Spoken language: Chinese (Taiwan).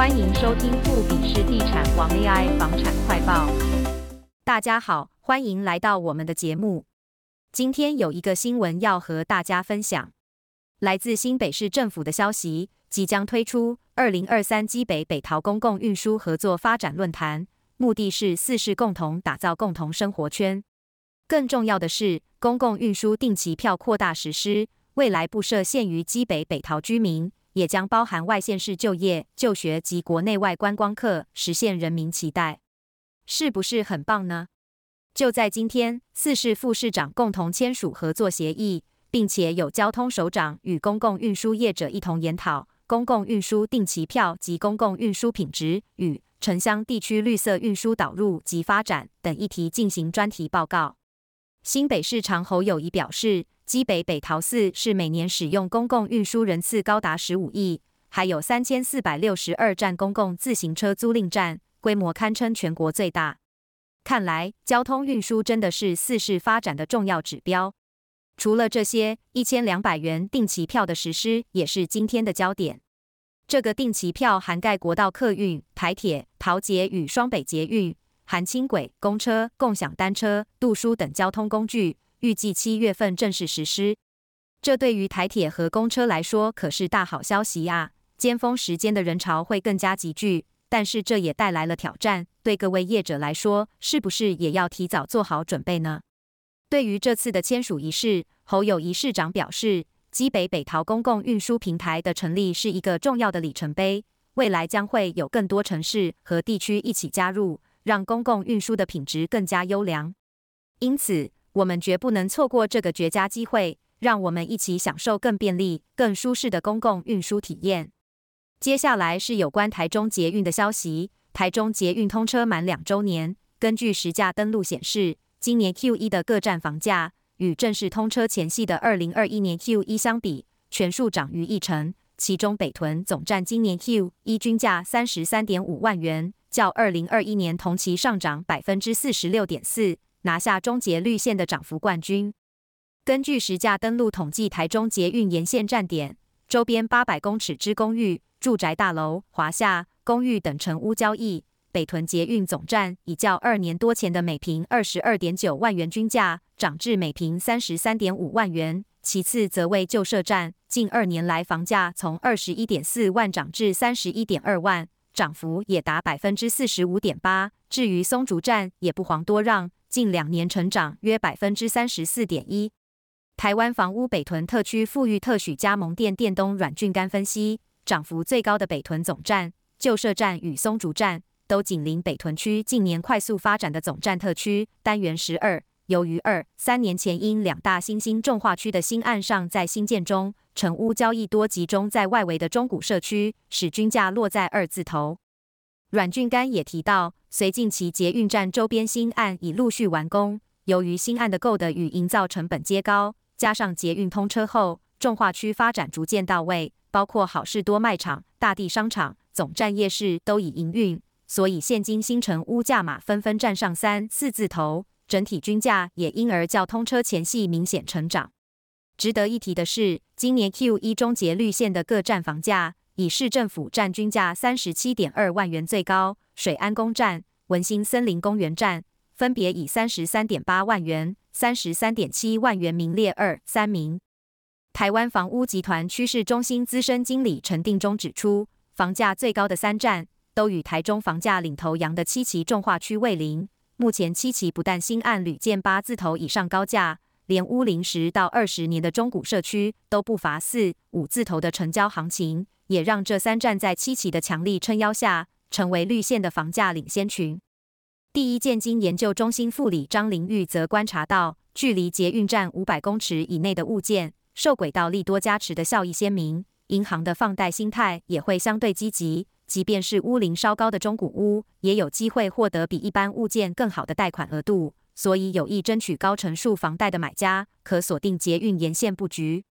歡迎收聽富比士地產王 AI 房產快報。大家好，歡迎來到我們的節目。今天有一個新聞要和大家分享，來自新北市政府的消息，即將推出二零二三基北北桃公共運輸合作發展論壇，目的是四市共同打造共同生活圈。更重要的是，公共運輸定期票擴大實施，未來不設限於基北北桃居民。也將包含外縣市就業、就學及國內外觀光客，實現人民期待，是不是很棒呢？就在今天，四市副市長共同簽署合作協議，並且有交通首長與公共運輸業者一同研討公共運輸定期票及公共運輸品質與城鄉地區綠色運輸導入及發展等議題進行專題報告。新北市長侯友宜表示。基北北桃四市每年使用公共運輸人次高達十五億，還有三千四百六十二站公共自行車租賃站，規模堪稱全國最大。看來交通運輸真的是四市發展的重要指標。除了這些，一千兩百元定期票的實施也是今天的焦點。這個定期票涵蓋國道客運、台鐵、桃捷與雙北捷運、含輕軌、公車、共享單車、渡輸等交通工具。預計七月份正式實施，這對於台鐵和公車來說可是大好消息啊！尖峰時間的人潮會更加急劇，但是這也帶來了挑戰。對各位業者來說，是不是也要提早做好準備呢？對於這次的簽署儀式，侯友宜市長表示，基北北桃公共運輸平台的成立是一個重要的里程碑，未來將會有更多城市和地區一起加入，讓公共運輸的品質更加優良。因此，我們絕不能錯過這個絕佳機會，讓我們一起享受更便利、更舒適的公共運輸體驗。接下來是有關台中捷運的消息。台中捷運通車滿兩週年，根據實價登錄顯示，今年 Q1 的各站房價與正式通車前夕的2021年 Q1 相比，全數漲逾一成。其中北屯總站今年 Q1 均價33.5萬元，較2021年同期上漲46.4%。拿下中捷綠線的漲幅冠軍。根據實價登錄統計，台中捷運沿線站點周邊八百公尺之公寓、住宅大樓、華廈公寓等成屋交易，北屯捷運總站已較二年多前的每坪二十二點九萬元均價漲至每坪三十三點五萬元。其次則為舊社站，近二年來房價從二十一點四萬漲至三十一點二萬，漲幅也達百分之四十五點八。至於松竹站也不遑多讓。近兩年成長約百分之三十四點一。台灣房屋北屯特區富裕特許加盟店店東阮俊干分析，漲幅最高的北屯總站、舊社站與松竹站，都緊鄰北屯區近年快速發展的總站特區單元十二。由於二三年前因兩大新興重劃區的新案尚在興建中，成屋交易多集中在外圍的中古社區，使均價落在二字頭。阮俊干也提到，隨近期捷運站周邊新案已陸續完工，由於新案的購地與營造成本皆高，加上捷運通車後，重劃區發展逐漸到位，包括好市多賣場、大地商場、總站夜市都已營運，所以現今新成屋價碼紛紛紛站上三四字頭，整體均價也因而較通車前夕明顯成長。值得一提的是，今年 Q1 中捷綠線的各站房價。以市政府站均價三十七點二萬元最高，水安宮站、文心森林公園站分別以三十三點八萬元、三十三點七萬元名列二、三名。台灣房屋集團趨勢中心資深經理陳定中指出，房價最高的三站都與台中房價領頭羊的七期重劃區為鄰。目前七期不但新案屢見八字頭以上高價，連屋齡十到二十年的中古社區都不乏四、五字頭的成交行情。也讓這三站在七期的強力撐腰下，成為綠線的房價領先群。第一建經研究中心副理張玲玉則觀察到，距離捷運站五百公尺以內的物件，受軌道利多加持的效益鮮明，銀行的放貸心態也會相對積極。即便是屋齡稍高的中古屋，也有機會獲得比一般物件更好的貸款額度。所以有意爭取高成數房貸的買家，可鎖定捷運沿線布局。